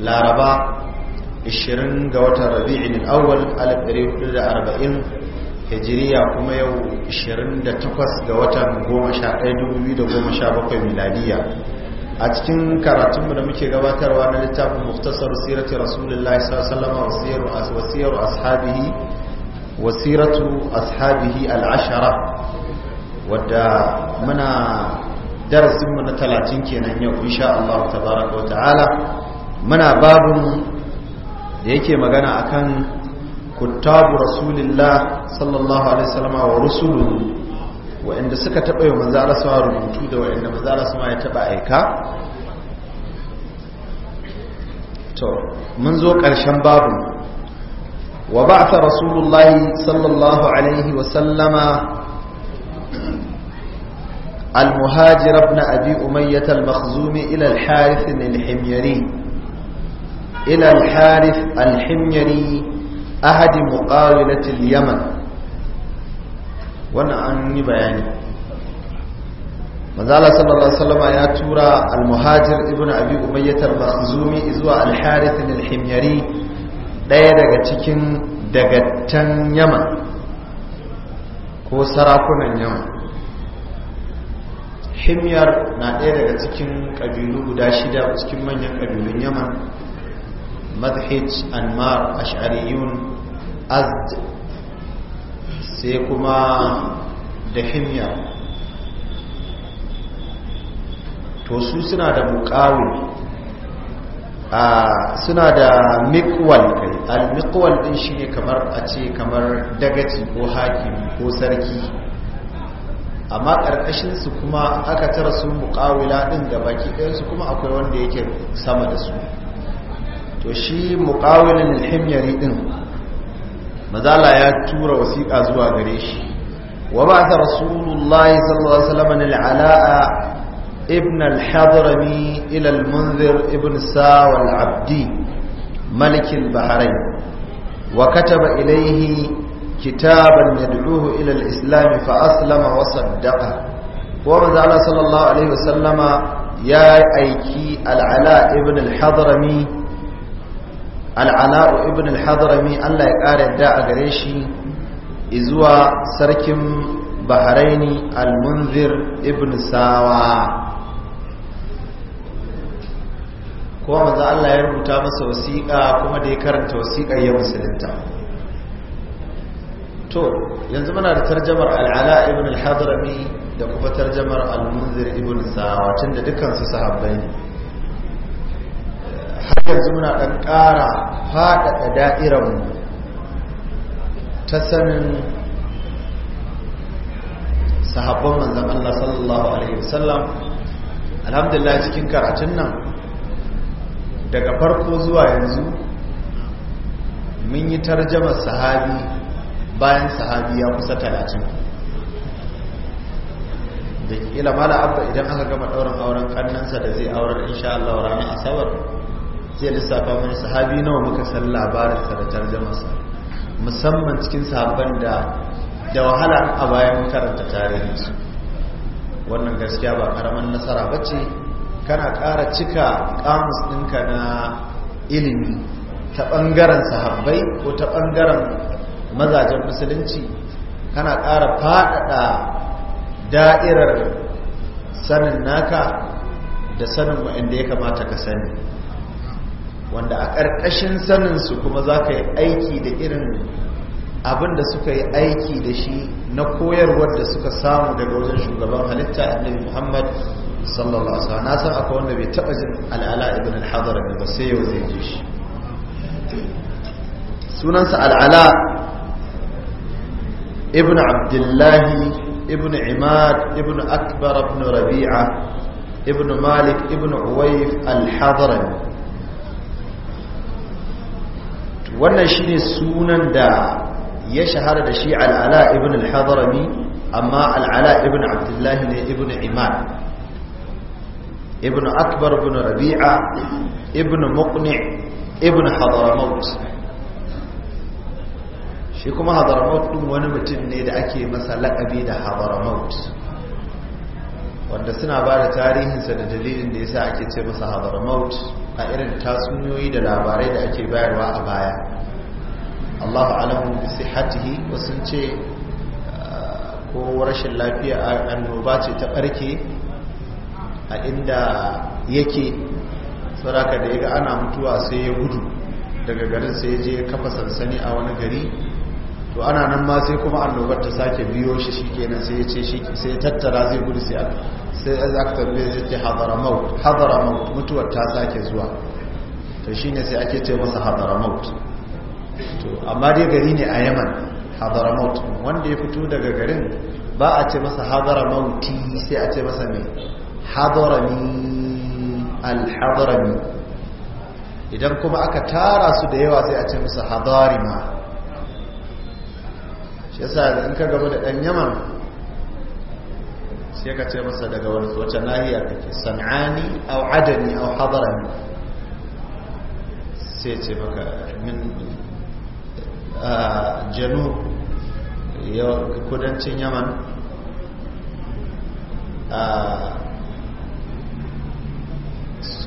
laraba 20 ga watan rabi'in al'awwal 1440 hijiriya kuma yau 28 ga watan 11-2017 miladiya a cikin karatunmu da muke gabatarwa na littafin muftasar sirati rasulullahi sallama wasiyar ashabihi wasiratu ashabihi al'ashara wadda muna darasinmu na 30 kenan yau insha Allah tabaraka wa ta'ala muna babun da yake magana akan kuttabu rasulillah sallallahu alaihi wasallam wa rusuluhu wa'anda suka taɓa yi manzo Allah sama rubutu da wa'anda manzo Allah sama ya taɓa aika to mun zo ƙarshen babu wa ba'atha rasulullahi sallallahu alaihi wa sallama المهاجر ابن أبي أمية المخزوم إلى الحارث الحميري إلى الحارث الحميري أحد مقاولة اليمن وانا أني بياني manzala sallallahu alaihi wasallama ya tura al-muhajir ibnu abi umayyah al-makhzumi zuwa al-harith al-himyari daya daga cikin dagatan yaman ko sarakunan yaman himyar na daya daga cikin kabilu guda shida cikin manyan kabilun yaman madhij anmar ash'ariyun azd sai kuma da himya to su suna da a suna da mikwal kai al-mikwal din shi ne kamar a ce kamar dagaci ko hakimi ko sarki amma karkashin su kuma aka tara su mukawila ɗin da baki su kuma akwai wanda yake sama da su to shi muqawilin al-himyari din mazala ya tura wasiqa zuwa gare shi wa ba'atha rasulullahi sallallahu alaihi wasallam al-ala'a ibn al-hadrami ila al-munzir ibn sawa al-abdi malik al-bahrain wa kataba ilayhi kitaban yad'uhu ila al-islam fa aslama wa saddaqa wa mazala sallallahu alaihi wasallama ya aiki al'ala ibn al-hadrami al'ala'u ibn al-hadrami Allah ya ƙara yadda a gare shi izuwa sarkin bahraini al-munzir ibn sawa kuma maza Allah ya rubuta masa wasiƙa kuma da ya karanta wasiƙa ya musulunta to yanzu muna da tarjamar al'ala ibn al-hadrami da kuma tarjamar al-munzir ibn sawa tunda dukkan su sahabbai ne yanzu muna ɗan ƙara faɗaɗa da'iranmu ta sanin sahabban manzan Allah sallallahu Alaihi wasallam alhamdulillah cikin karatun nan daga farko zuwa yanzu mun yi tarjama sahabi bayan sahabi ya kusa talatin da ƙila mala abba idan aka gama ɗaurin auren ƙannansa da zai auren insha Allah ranar asabar zai lissafa mai sahabi nawa muka san labarinsa da jamus musamman cikin sahabban da da wahala a bayan karanta su wannan gaskiya ba karamin nasara ba ce kana ƙara cika kamus ɗinka na ilimi ta ɓangaren sahabbai ko ta ɓangaren mazajen musulunci kana ƙara faɗaɗa da'irar sanin naka da sanin wa'anda ya kamata ka sani wanda a ƙarƙashin saninsu kuma za ka yi aiki da irin abin da suka yi aiki da shi na koyarwar da suka samu daga wajen shugaban halitta annabi muhammad sallallahu alaihi wasallam na san akwai wanda bai taba jin al'ala ibn al-hadar ba sai yau zai ji shi sunansa al'ala ibn abdullahi ibn imad ibn akbar ibn rabi'a ibn malik ibn uwaif al-hadarami wannan shine sunan da ya shahara da shi al'ala ibn al-hadarami amma al'ala ibn abdullahi ne ibn iman ibn akbar ibn rabi'a ibn muqni ibn hadaramaut shi kuma hadaramaut ɗin wani mutum ne da ake masa laƙabi da hadaramaut wanda suna ba da tarihinsa da dalilin da ya sa ake ce masa hadaramaut a irin tatsuniyoyi da labarai da ake bayarwa a baya allahu alamu bi hatihi wasu ce ah, ko rashin lafiya annoba ce ta ɓarke a inda yake saraka da ya ana mutuwa sai ya gudu daga garin sai je kafa sansani a wani gari to ana nan ma sai kuma annobar ta sake biyo shi shikenan sai ya ce shi sai tattara zai gudu sai sai aka tambaye zai ce hadara maut hadara maut mutuwar ta sake zuwa to shine sai ake ce masa hadara maut to amma dai gari ne a yaman hadara maut wanda ya fito daga garin ba a ce masa hadara mauti sai a ce masa mai hadarami alhadarami idan kuma aka tara su da yawa sai a ce masa hadarima shi yasa in ka gaba da ɗan yaman sai ka ce masa daga wace nahiya kake san'ani au adani au hadaran sai ce maka min janu kudancin yaman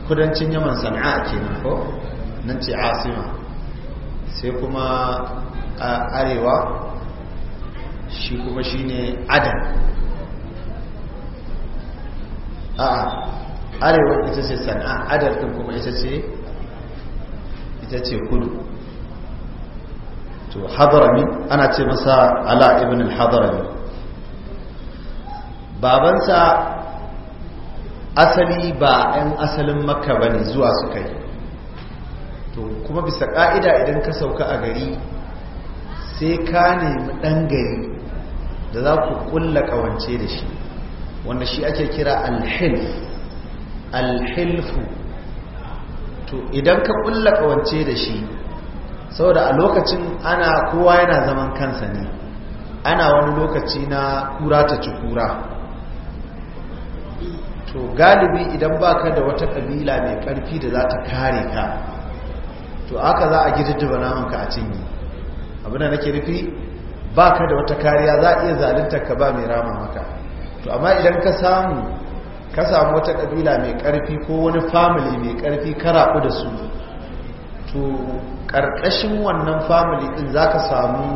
kudancin yaman sana'a kenan ko nan ce asima sai kuma a arewa shi kuma shine adam. a arewa ita ce sana'a adar kuma ita ce ita ce kudu to hadarami ana ce masa ala ibn al-hadarami babansa asali ba 'yan asalin makka ba ne zuwa suka yi to kuma bisa ƙa'ida idan ka sauka a gari sai ka nemi ɗan gari da za ku ƙulla ƙawance da shi wanda shi ake kira alhilf alhilfu to idan ka kulla kawance da shi saboda a lokacin ana kowa yana zaman kansa ne ana wani lokaci na kura ta ci kura to galibi idan baka da wata kabila mai karfi da za ta kare ka to aka za a gididdiba namanka a cinye abinda nake rufi, baka da wata kariya za a iya zalunta ka ba mai rama maka to amma idan ka samu ka samu wata kabila mai karfi ko wani family mai karfi karaku da su to karkashin wannan family din zaka samu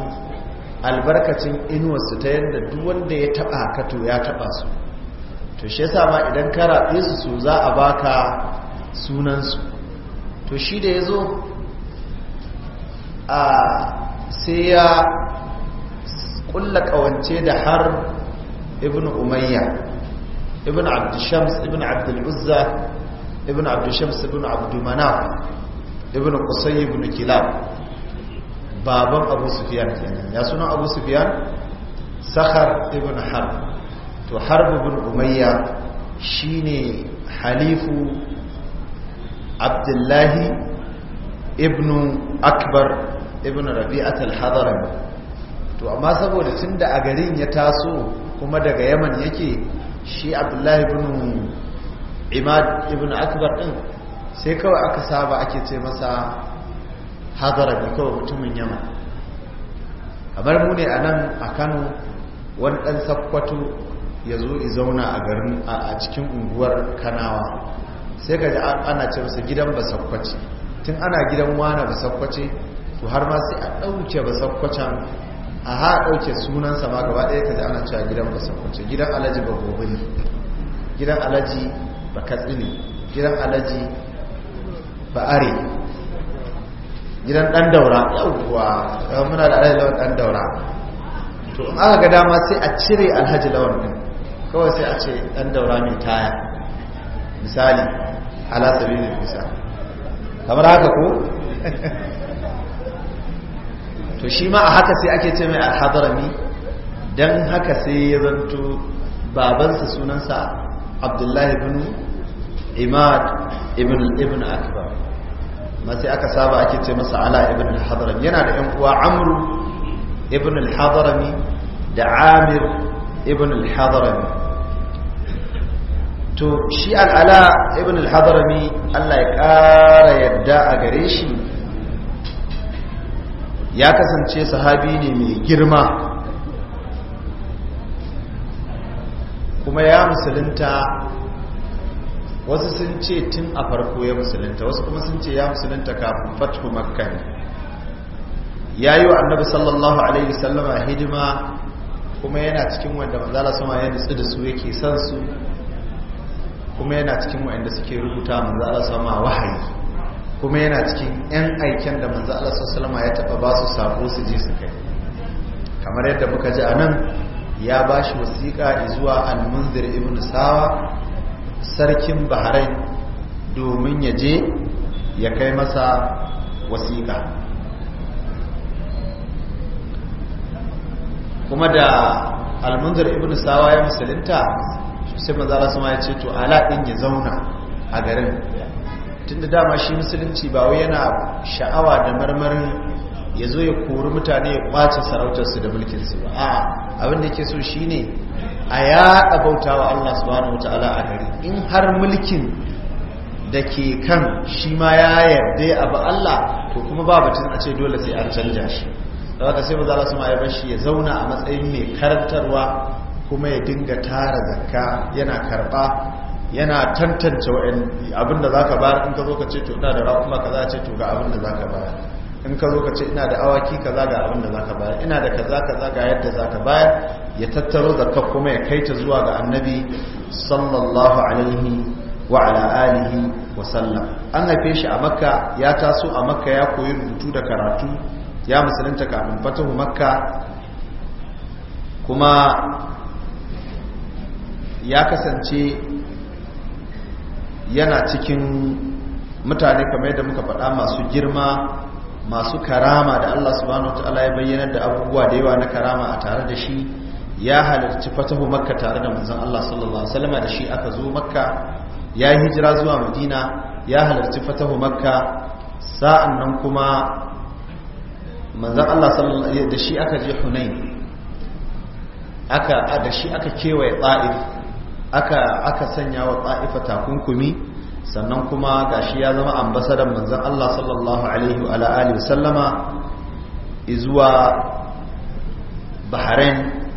albarkacin su ta yadda duk wanda ya taba ka to ya taba su to shi yasa ma idan ka rabe su su za a baka sunan su to shi da yazo a sai ya kulla kawance da har ibn umayya ibn abdushams ibn abdul'uzza ibn abdushams ibn abdumanaf ibn qusay ibn kilab baban abu sufyan kenan ya suna abu sufyan sakhar ibn harb to harb ibn umayya shine halifu abdullahi ibn akbar ibn rabi'at al-hadarami to amma saboda tun da a garin ya taso kuma daga yaman yake shi abdullahi ibn imad ibn akbar din sai kawai aka saba ake ce masa bi kawai mutumin yaman kamar mu ne a nan a kano wani ɗan sakkwato ya zo i zauna a garin a cikin unguwar kanawa sai ka ana ce masa gidan ba Sakkwace, tun ana gidan wana ba Sakkwace, to har ma sai a ɗauke ba Sakkwacen. a ha ɗauke sunansa ma gaba ɗaya ta ji ana cewa gidan basakunce gidan alaji ba gobe ne gidan alaji ba katsi ne gidan alaji ba are gidan ɗan daura ya muna da alaji lawan ɗan daura to in aka ga dama sai a cire alhaji lawan ɗin kawai sai a ce ɗan daura mai taya misali ala ne kusa kamar haka ko to shi ma a haka sai ake ce mai al-hadrami dan haka sai ya zanto babansa sunansa abdullahi ibn imad ibn ibn akbar ma sai aka saba ake ce masa ala ibn al-hadrami yana da yan uwa amru ibn al-hadrami da amir ibn al-hadrami to shi al'ala ibn al-hadrami Allah ya ƙara yadda a gare shi ya kasance sahabi ne mai girma kuma ya musulunta wasu sun ce tun a farko ya musulunta wasu kuma sun ce ya musulunta kafin fatihu makkan ya yi wa annabi sallallahu alaihi sallama hidima kuma yana cikin wanda manzala sama ya nutsu da su yake son su kuma yana cikin wanda suke rubuta manzala sama wahayi kuma yana cikin 'yan aiken da manzo Allah sallama ya taba ba su sako su je su kai kamar yadda muka ji anan ya bashi shi wasiƙa zuwa al-munzir ibn sawa sarkin bahrain domin ya je ya kai masa wasiƙa kuma da al-munzir ibn sawa ya musulunta sai manzo Allah ya ce to ala din ya zauna a garin Tun da dama shi musulunci ba wai yana sha'awa da marmarin ya zo ya kori mutane ya kwace sarautarsu da mulkinsu ba A'a, abin da ke so shi ne a yaɗa bautawa wa Allah subhanahu wa ta'ala a gari in har mulkin da ke kan shi ma ya yarda abu Allah to kuma ba batun a ce dole sai an canja shi da waka sai maza su ma'aibar shi ya zauna a matsayin mai karantarwa kuma ya dinga tara zakka yana karɓa yana tantance abin da za ka bayar in ka zo ka ce to ina da raƙuma ka za ce to ga abin da za ka bayar in ka zo ka ce ina da awaki ka za ga abin da za ka bayar ina da ka za ka za ga yadda za ka bayar ya tattaro ka kuma ya kai ta zuwa ga annabi sallallahu alaihi wa ala alihi wa sallam an haife shi a makka ya taso a makka ya koyi rubutu da karatu ya musulunta kafin fatahu makka kuma ya kasance yana cikin mutane kamar yadda muka faɗa masu girma masu karama da Allah subhanahu wataala ya bayyana da abubuwa da yawa na karama a tare da shi ya halarci fatahu makka tare da manzon Allah sallallahu alaihi wasallam da shi aka zo makka ya hijira zuwa madina ya halarci fatahu makka sa'an nan kuma manzon Allah sallallahu da shi aka je hunain aka da shi aka kewaye ta'if aka aka sanya wa ta'ifa takunkumi sannan kuma gashi ya zama ambasadan manzon Allah sallallahu alaihi wa alihi sallama izuwa Bahrain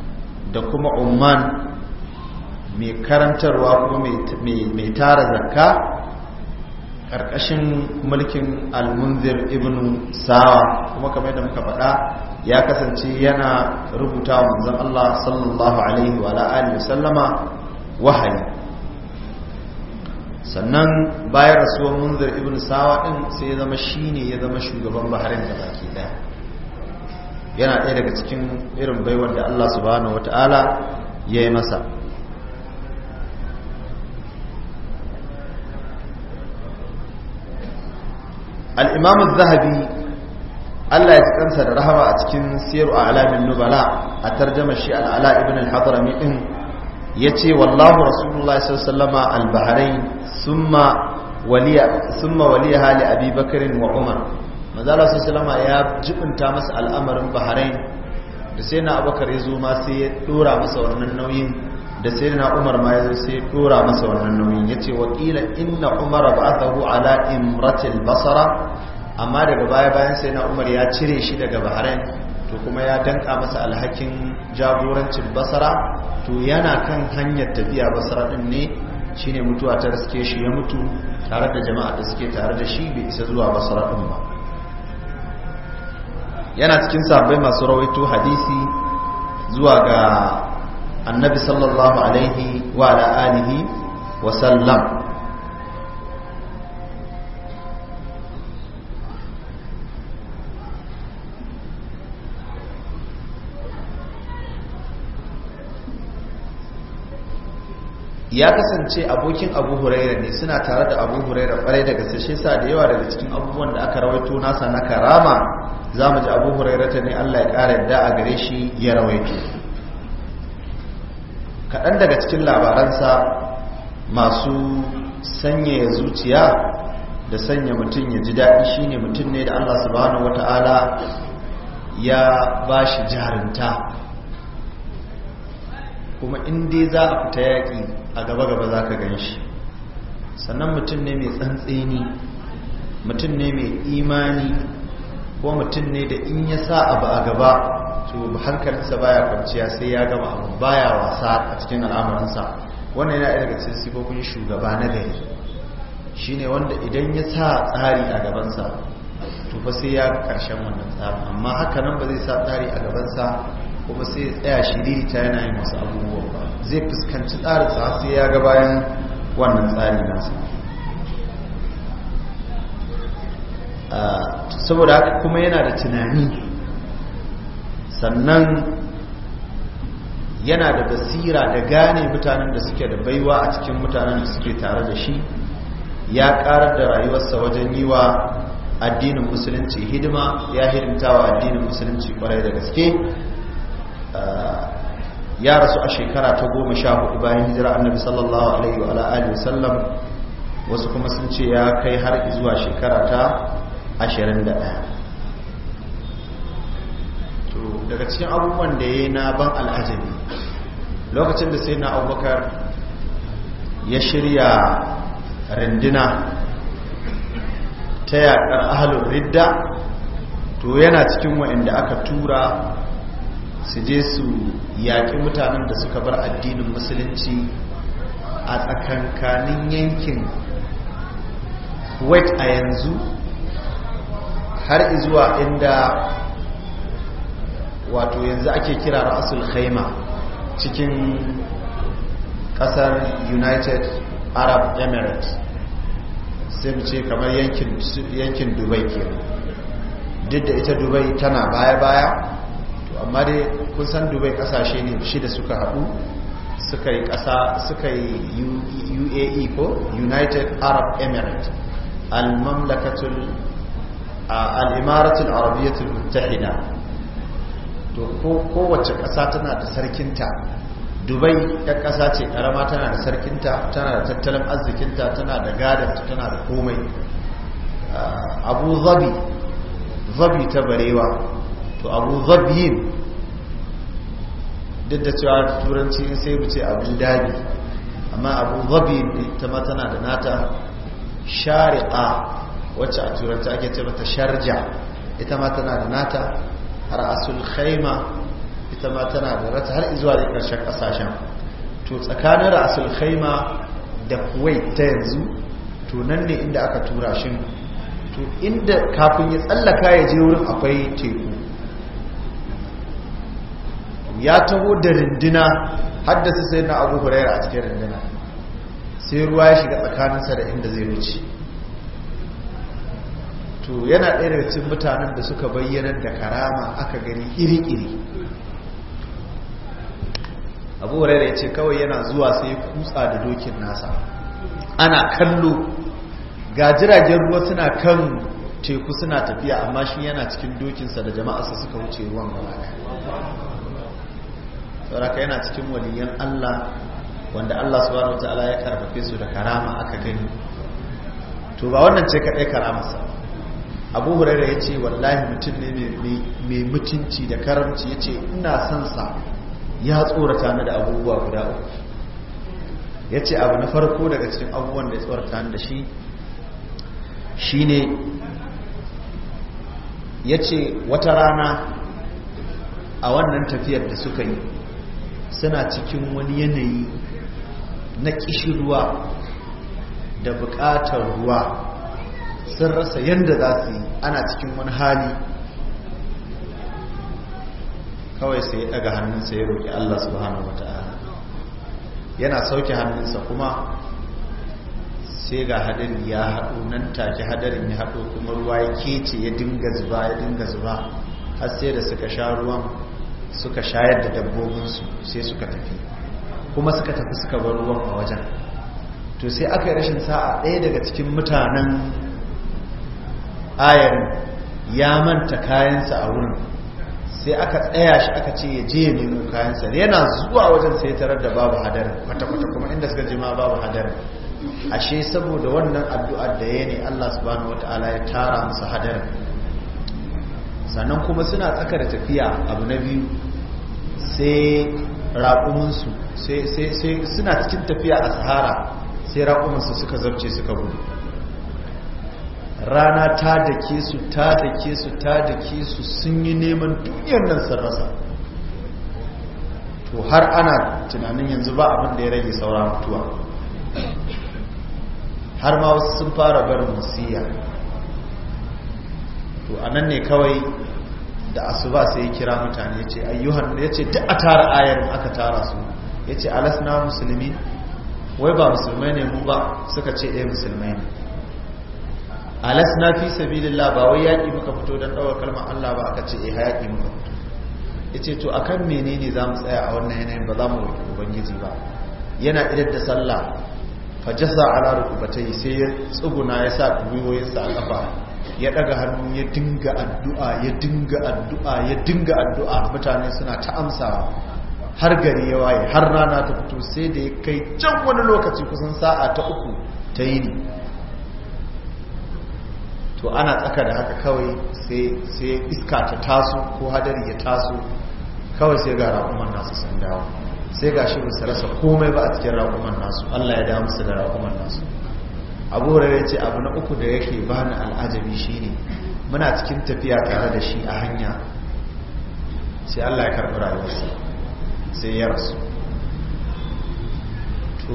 da kuma Oman mai karantarwa kuma mai tara zakka ƙarƙashin mulkin al-munzir ibn sawa kuma kamar yadda muka faɗa ya kasance yana rubuta manzon Allah sallallahu alaihi wa alihi sallama wahayi sannan bayan rasuwar munzir ibn sawa ɗin sai ya zama shine ya zama shugaban baharin da baki daya yana ɗaya daga cikin irin baiwar da Allah subhanahu wata'ala ya yi masa al'imamu zahabi Allah ya kansa da rahama a cikin siyar a alamin nubala a tarjama shi al'ala ibn al-hadrami din ya ce wallahu rasulullah sallama al-bahrain ma waliya hali abubakarin wa umar mazala ya jibinta masa al'amarin bahrain da sai na abakar ya zo ma sai ya dora masa wannan nauyin da sai na umar ma ya zo sai ya dora masa wannan nauyin ya ce wakila inna umar ba'athahu ala imratil basara amma daga baya bayan sai na umar ya cire shi daga bahrain to kuma ya danka masa alhakin jagorancin basara to yana kan hanyar tafiya ba din ne shine mutuwa ta riske shi ya mutu tare da jama'a da suke tare da shi bai isa zuwa ba din ba yana cikin sabai masu rawaito hadisi zuwa ga annabi sallallahu alaihi wa ala alihi wa sallam ya kasance abokin abu huraira ne suna tare da abu huraira kwarai daga sashe sa da yawa daga cikin abubuwan da aka rawaito nasa na karama za mu ji abu huraira ta ne allah ya ƙara yadda a gare shi ya rawaito kaɗan daga cikin labaransa masu sanya zuciya da sanya mutum ya ji daɗi shi ne mutum ne da allah subhanahu wata'ala ya ba shi jarinta kuma in dai za a fita yaƙi a gaba-gaba za ka gan shi sannan mutum ne mai tsantseni mutum ne mai imani ko mutum ne da in ya sa abu a gaba to hankalinsa baya kwanciya sai ya gama abu baya wasa a cikin al'amuransa wannan yana daga cikin sifofin shugaba na gari shine wanda idan ya sa tsari a gabansa to fa sai ya karshen wannan tsarin amma haka nan ba zai sa tsari a gabansa kuma sai ya tsaya shi ta yana yin wasu abubuwa zai fuskanci tsari tsasi sai ya ga bayan wannan tsari nasa ah, saboda haka kuma yana da tunani sannan yana da basira da gane mutanen da suke da baiwa a cikin mutanen da suke tare da shi ya karar da rayuwarsa wajen yi wa addinin musulunci hidima ya hidimta wa addinin musulunci kwarai da gaske ah, ya rasu a shekara ta goma sha hudu bayan hijira annabi sallallahu alaihi wa alihi wasallam wasu kuma sun ce ya kai har zuwa shekara ta ashirin to daga cikin abubuwan da ya na ban al'ajabi lokacin da sai na abubakar ya shirya rindina ta yaƙar ahalun ridda to yana cikin waɗanda aka tura su je su yaƙi mutanen da suka bar addinin musulunci a tsakankanin yankin kuwait a yanzu har zuwa inda wato yanzu ake kira rasul haima cikin kasar united arab emirates sai mu ce kamar yankin dubai ke duk da ita dubai tana baya-baya amma dai kun san dubai kasashe ne shida suka haɗu suka yi ƙasa suka yi uae ko united arab emirates al-mamlakatul al-imaratul arabiyyatul to kowace ƙasa tana da sarkinta dubai ƙasa ce ƙarama tana da sarkinta tana da tattalin arzikinta tana da gadar tana da komai abu zabi zabi ta barewa to abu zabiyin duk da cewa turanci in sai wuce abu dabi amma abu zabiyin ita tana da nata shari'a wacce a turanci ake ce mata sharja ita matana da nata har asul khaima ita matana da rata har izuwa da ƙarshen ƙasashen to tsakanin ra'asul khaima da kuwait ta yanzu to nan ne inda aka tura shi to inda kafin ya tsallaka ya je wurin akwai teku ya taho da rindina haddasa sai na abu a cikin rindina sai ruwa ya shiga tsakaninsa da inda zai wuce to yana ɗaya daga cikin mutanen da suka bayyana da karama aka gani iri-iri abu ya ce kawai yana zuwa sai kutsa da dokin nasa ana kallo ga jiragen ruwa suna kan teku suna tafiya amma shi yana cikin dokinsa da jama'arsa suka wuce ruwan gaba sauraka yana cikin waliyan Allah wanda Allah subhanahu wataala ya karfafe su da karama aka gani to ba wannan ce kadai karamarsa Abu ya ce wallahi mutum ne mai mutunci da karamci ce ina son sa ya tsorata ni da abubuwa guda uku ya ce abu na farko daga cikin abubuwan da ya tsorata ni da shi shine yace wata rana a wannan tafiyar da suka yi suna cikin wani yanayi na kishirwa da bukatar ruwa sun rasa yadda za su yi ana cikin wani hali kawai sai daga hannunsa ya roƙi Allah subhanahu wa ta'ala yana sauke hannunsa kuma sai ga haɗari ya haɗo nan take hadarin ya haɗo kuma ruwa ya kece ya dinga zuba ya dinga zuba har sai da suka sha ruwan suka shayar da dabbobin su sai suka tafi kuma suka tafi suka bar ruwan a wajen to sai aka yi rashin sa'a ɗaya daga cikin mutanen ayar ya manta kayansa a wurin sai aka tsaya shi aka ce ya je ya nemo kayansa yana zuwa wajen sai tarar da babu hadarin kwata-kwata kuma inda suka je babu hadarin ashe saboda wannan addu'ar da ya ne Allah subhanahu wata'ala ya tara musu hadarin sannan kuma suna tsaka da tafiya abu na biyu sai raƙuminsu suna cikin tafiya a sahara sai raƙuminsu suka zabce suka gudu rana ta da ke su ta da ke su ta da ke su sun yi neman duniyar nan sun rasa to har ana tunanin yanzu ba abin da ya rage saura mutuwa har ma wasu sun fara barin musiya to a nan ne kawai da asuba sai ya kira mutane ya ce ayyuhan ya ce duk a tara ayar aka tara su ya ce alasna musulmi wai ba musulmai ne mu ba suka ce ɗaya eh, musulmai ne alasna fi sabilillah ba wai yaƙi muka fito don ɗaukar kalmar Allah ba aka ce eh yaƙi muka fito ya ce to akan menene za mu tsaya a wannan yanayin ba za mu roƙi ubangiji ba yana idar da sallah fajasa ala rukubatai sai ya tsuguna ya sa gwiwoyinsa a kafa ya daga hannu ya dinga addu'a ya dinga addu'a ya dinga addu'a mutane suna ta amsa har gari ya waye har rana ta fito sai da ya kai can wani lokaci kusan sa'a ta uku ta yi ne to ana tsaka da haka kawai sai iska ta taso ko hadari ya taso kawai sai ga raƙuman nasu sun dawo sai ga shi rasa komai ba a cikin raƙuman nasu allah ya damu su da raƙuman nasu abu hurare ce abu na uku da yake bani al'ajabi shine muna cikin tafiya tare da shi a hanya sai Allah ya karɓi rayuwarsa sai ya rasu to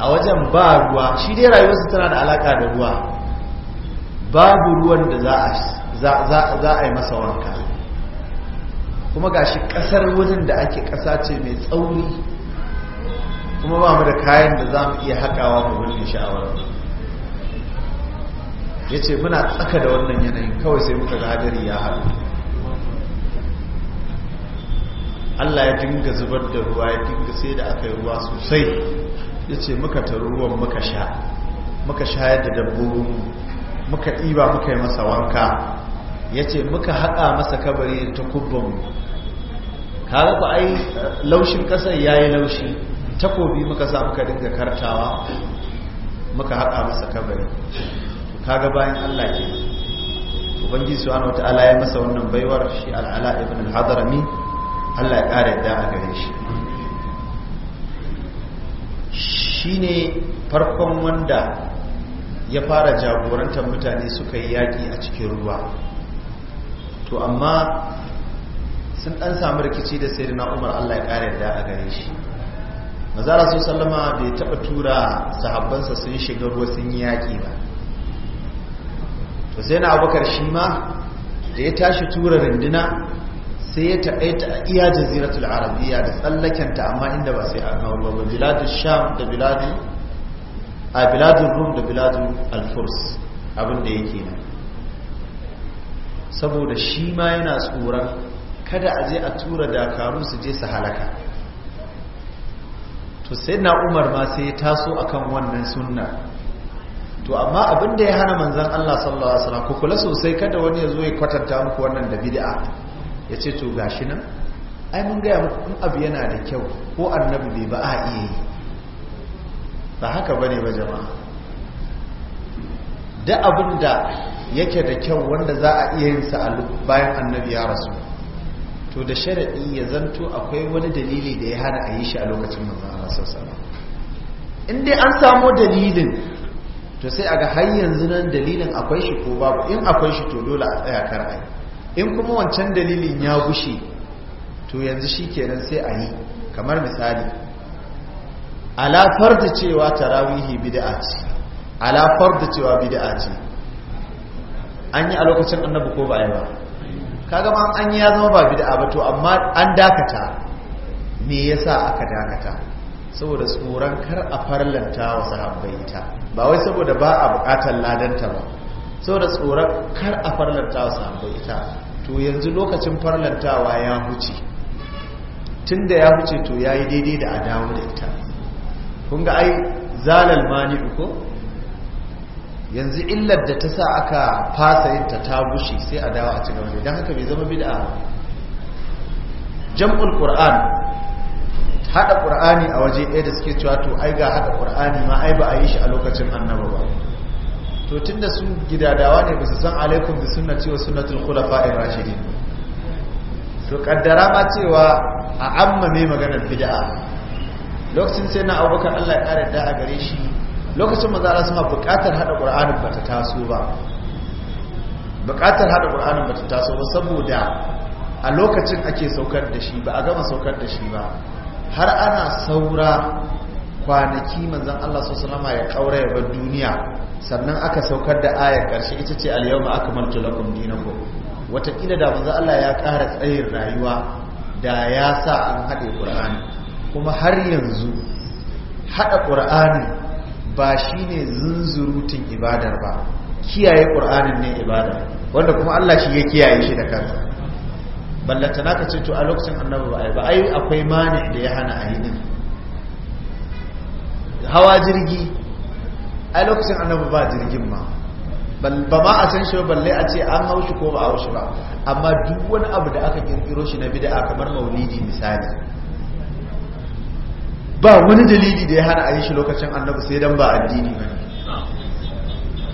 a wajen ba ruwa shi dai rayuwarsu tana da alaka da ruwa babu ruwan da za a yi masa wanka kuma ga shi ƙasar wajen da ake ƙasa ce mai tsauni kuma ba mu da kayan da za mu iya haƙawa mu wurin sha'awar ya ce muna tsaka da wannan yanayin kawai sai muka ga ya haɗu allah ya dinga zubar da ruwa ya dinga sai da aka yi ruwa sosai ya ce muka taru ruwan muka sha muka shayar da dabbobi muka ɗiba muka yi masa wanka ya ce muka haɗa masa kabari ta kubbanmu ba a yi laushin ƙasar ya yi laushi takobi muka sa muka dinga kartawa muka haɗa masa kabari kaga bayan Allah ke ubangiji subhanahu wataala ya masa wannan baiwar shi al'ala ibn al-hadrami Allah ya kare da a gare shi shine farkon wanda ya fara jagorantar mutane suka yi yaƙi a cikin ruwa to amma sun ɗan samu rikici da sai na umar Allah ya kare da a gare shi mazara su sallama bai taɓa tura sahabbansa sun shiga ruwa sun yi yaƙi ba sai na abubakar shi ma da ya tashi tura rindina sai ya taƙaita a iya jaziratul arabiya da tsallakenta amma inda ba sai a ba biladun sham da biladun a biladun rum da biladun alfurs abinda yake nan saboda shi ma yana tsoron kada a je a tura dakarun su je su halaka to sai na umar ma sai ya taso akan wannan sunna to amma abin da ya hana manzan Allah sallallahu alaihi wasallam ku kula sosai kada wani ya zo ya kwatanta muku wannan da bid'a ya ce to gashi nan ai mun gaya muku in abu yana da kyau ko annabi bai ba a iya yi ba haka bane ba jama'a da abin da yake da kyau wanda za a iya yin sa bayan annabi ya rasu to da sharaɗi ya zanto akwai wani dalili da ya hana a yi shi a lokacin manzan Allah sallallahu alaihi wasallam in dai an samu dalilin to sai aga har yanzu nan dalilin akwai shi ko babu in akwai shi to dole a tsaya kar ai in kuma wancan dalilin ya gushe to yanzu shi kenan sai a yi kamar misali ala da cewa tarawihi bid'a ce ala da cewa bid'a ce an yi a lokacin annabi ko ba ba kaga ma an yi ya zama ba bid'a ba to amma an dakata me yasa aka dakata saboda tsoron kar a farlanta wa sahabbai ita ba wai saboda ba a bukatar ladanta ba saboda tsoron kar a farlanta wa sahabbai ita to yanzu lokacin farlantawa ya huce tun da ya huce to ya yi daidai da adamu da ita kun ga ai zalal mani uku yanzu illar da ta sa aka fasa yin ta ta gushe sai a dawo a cikin wani don haka mai zama bid'a jam'ul qur'an hada qur'ani a waje ɗaya da suke cewa to ai ga hada qur'ani ma ai ba a yi shi a lokacin annaba ba to tunda su gidadawa ne ba san alaikum bi sunnati wa sunnatul khulafa'ir rashidin to kaddara ma cewa a amma mai maganar bid'a lokacin sai na abubakar Allah ya kare da a gare shi lokacin maza Allah suna buƙatar hada qur'anin ba ta taso ba buƙatar hada qur'anin ba ta taso ba saboda a lokacin ake saukar da shi ba a gama saukar da shi ba har ana saura kwanaki manzan Allah su salama ya kaura ya duniya sannan aka saukar da ayar karshe ita ce aka akmaltu lakum dinakum watakila da manzan Allah ya kara tsayin rayuwa da ya sa an haɗe ƙura'ani kuma har yanzu haɗa ƙura'ani ba shi ne zunzurutun ibadar ba kiyaye ƙura'anin ne ibada wanda kuma Allah shi ya kiyaye shi da kansa ballata na ka ce to a lokacin annabu ba ba ai akwai mani da ya hana a yi hawa jirgi a lokacin annabu ba jirgin ma ba ma a san shi balle a ce an haushi ko ba a haushi ba amma duk wani abu da aka kirkiro shi na bid'a kamar maulidi misali ba wani dalili da ya hana a yi shi lokacin annabu sai dan ba addini ba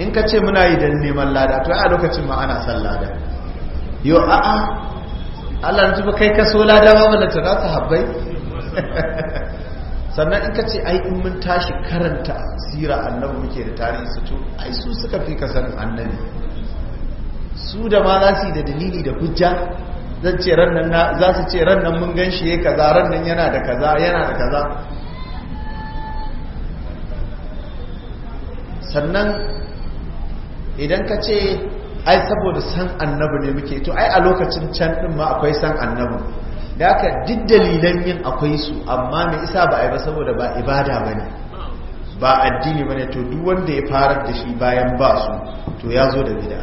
in ka ce muna yi dan neman lada to a lokacin ma ana san lada yau a'a Allah na kai ka so lada ba mana ta ta habbai sannan in ka ce ai in mun tashi karanta sira annabi muke da tarihi su to ai su suka fi ka sanin annabi su da ma za su yi da dalili da hujja zan ce ran nan za su ce ran nan mun gan shi yayi kaza ran nan yana da kaza yana da kaza sannan idan ka ce ai saboda san annabi ne muke to ai a lokacin can din ma akwai san annabi da aka duk dalilan yin akwai su amma mai isa ba a yi ba saboda ba ibada ba ne. ba addini ba ne to duk wanda ya fara da shi bayan ba su to ya zo da gida.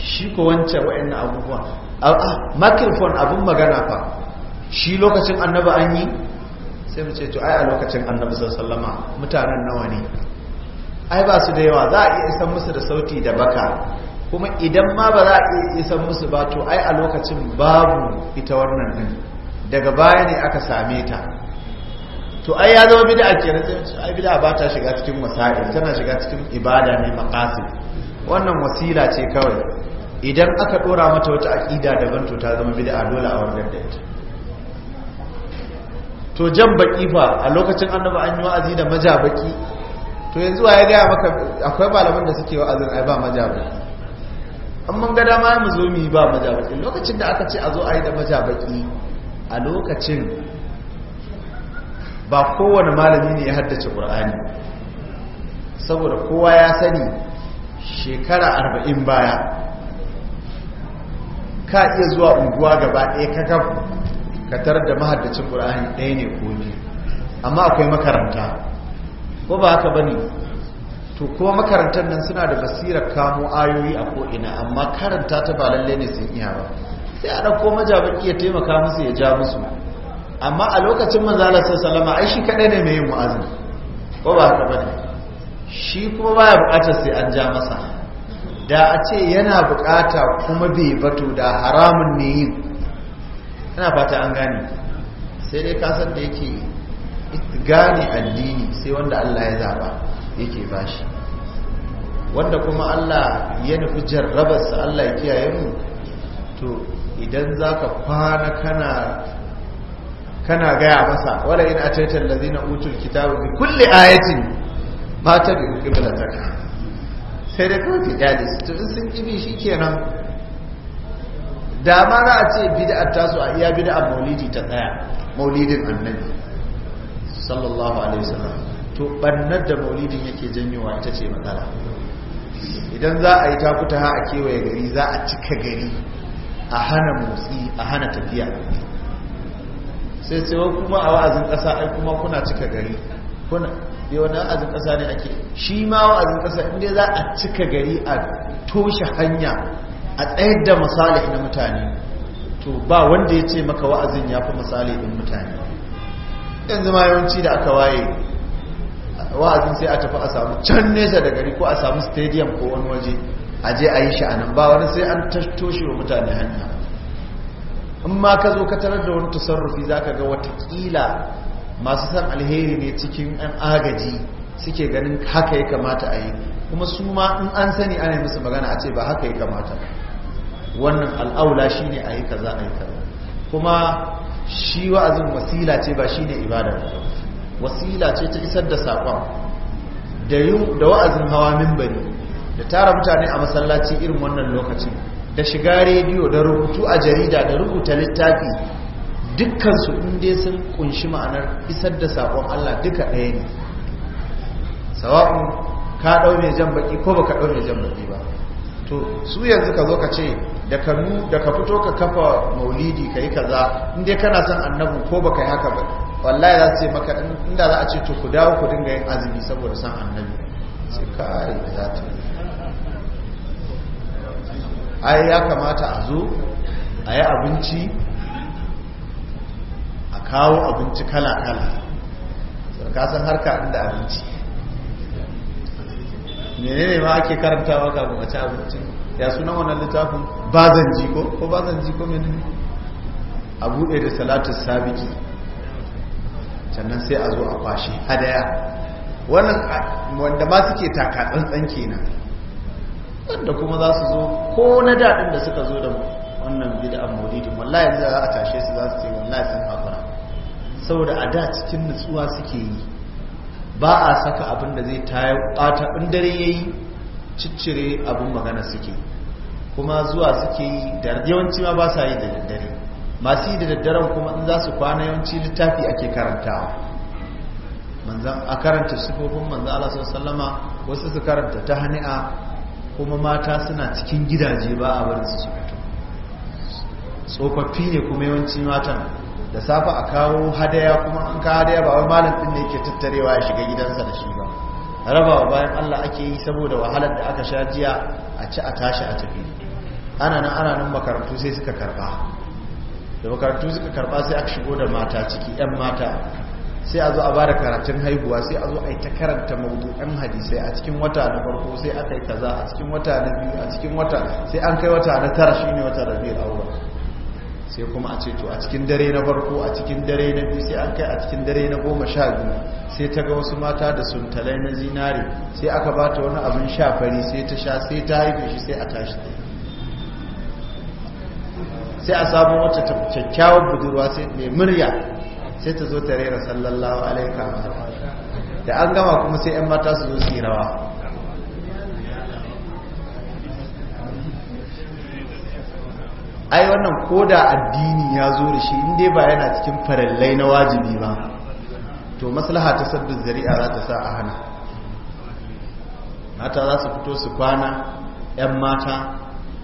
shi ko wance wa'annan abubuwa a microphone abin magana fa shi lokacin annabi an yi sai mu ce to ai a lokacin annabi sallama mutanen nawa ne ai ba su da yawa za a iya isan musu da sauti da baka kuma idan ma ba za a iya isan musu ba to ai a lokacin babu ita wannan din daga baya ne aka same ta to ai ya zama bid'a kenan sai ai bid'a ba ta shiga cikin masail tana shiga cikin ibada ne maqasid wannan wasila ce kawai idan aka dora mata wata aqida daban to ta zama bid'a dole a wannan da to jan baki fa a lokacin annabi an yi wa'azi da majabaki to yanzu wa ya gaya maka akwai malaman da suke wa wa'azin ai ba majabaki an ga gada mu zo mu yi ba majabaki lokacin da aka ce a zo a yi da majabaki a lokacin ba kowane malami ne ya haddace ƙur'ani saboda kowa ya sani shekara arba'in baya ka iya zuwa unguwa gaba ɗaya ka kakaf ka tarar da mahaddacin ƙur'ani ɗaya ne ko ne amma akwai makaranta ko ba haka bane to kuma makarantar nan suna da basirar kamo ayoyi a ko'ina amma karanta ta ba lalle ne sun iya ba sai a ɗauko majabaki ya taimaka musu ya ja musu amma a lokacin manzala sallama ai shi kadai ne mai yin ko ba haka bane shi kuma baya buƙatar sai an ja masa da a ce yana bukata kuma bai bato da haramun ne yin ina fata an gane sai dai kasar da yake gane addini sai wanda Allah ya zaba yake bashi wanda kuma Allah ya nufi jarrabarsa Allah ya kiyaye mu to idan za ka kwana kana kana gaya masa wala in ataita ladina utul kitabu bi kulli ayatin ma ta qiblataka sai da kawai ka kyale su to sun kibi shikenan da ma za a ce bid'a ta so a iya bid'a maulidi ta tsaya maulidin annabi sallallahu alaihi wasallam to bannar da maulidin yake janyowa ita ce matsala idan za a yi takuta a kewaye gari za a cika gari a hana motsi a hana tafiya sai sai kuma a wa'azin ƙasa ai kuma kuna cika gari kuna bai eh, wani wa'azin ƙasa ne ake shi ma wa'azin ƙasa inda za a cika gari a toshe hanya a tsayar da misali na mutane to ba wanda ya ce maka wa'azin ya fi misali ɗin mutane yanzu ma yawanci da aka waye wa'azin sai a tafi a samu can nesa da gari ko a samu stadium ko wani waje a je a yi shi a nan ba wani sai an toshe wa mutane hanya in ma ka zo ka tarar da wani tasarrufi za ka ga watakila masu san alheri ne cikin 'yan agaji suke ganin haka ya kamata a yi kuma su ma in an sani ana musu magana a ce ba haka ya kamata wannan al'aula shi ne a yi kaza a yi kaza kuma shi wa'azin wasila ce ba shine ibada wasila ce ta isar da saƙon da da wa'azin hawa minbari da tara mutane a masallaci irin wannan lokaci da shiga rediyo da rubutu a jarida da rubuta littafi dukkansu inda sun kunshi ma'anar isar da saƙon Allah duka ɗaya ne sawa'un ka ɗau jan baki ko baka ɗau mai jan baki ba to su yanzu ka zo ka ce da ka da ka fito ka kafa maulidi ka yi kaza in dai kana son annabu ko baka yi haka ba wallahi za su ce maka inda za a ce ku dawo ku dinga yin azumi saboda son annabi sai kai da za ta ai ya kamata a zo a yi abinci a kawo abinci kala-kala ka san harka inda abinci ne ma ake karanta kafin a ci abinci ya suna wannan littafin bazan jiko ko bazan jiko mai nini a buɗe da salatu sabiki sannan sai a zo a kwashe hadaya wannan wanda ba suke taka tsantsan kenan wanda kuma za su zo ko na daɗin da suka zo da wannan a maulidin wallahi yanzu za a tashe su za su ce wallahi sun haƙura saboda a da cikin nutsuwa suke yi ba a saka abin da zai tayo ɓata in dare yi. ciccire abin magana suke kuma zuwa suke yi da yawanci ma ba sa yi da daddare masu yi da daddaren kuma in za su kwana yawanci littafi ake karantawa a karanta sifofin manzan Allah sallama wasu su karanta ta hani'a kuma mata suna cikin gidaje ba a barin su fito tsofaffi ne kuma yawanci matan da safa a kawo hadaya kuma an kawo hadaya ba wai malam din ne yake tattarewa ya shiga gidansa da shi ba rabawa bayan Allah ake yi saboda wahalar da aka sha jiya a ci a tashi a tafi ana nan ana nan makarantu sai suka karba da makarantu suka karba sai aka shigo da mata ciki yan mata sai a zo a bada karatun haihuwa sai a zo a yi ta karanta 'yan hadisai a cikin wata na farko sai aka yi kaza a cikin wata na biyu a cikin wata sai an kai wata na tara shine wata rabiul awwal sai kuma a ce to a cikin dare na farko a cikin dare na biyu sai an kai a cikin dare na goma sha biyu sai ta ga wasu mata da suntalai na zinare sai aka ba ta wani abin sha fari sai ta sha sai ta haife shi sai a tashi sai a samu wata kyakkyawar budurwa sai mai murya sai ta zo ta rera sallallahu alaihi da an gama kuma sai 'yan mata su zo su yi rawa ai wannan da addini ya zo da shi inda ba yana cikin farallai na wajibi ba to maslaha ta sabbin zari'a za ta sa a hana mata za su fito su kwana 'yan mata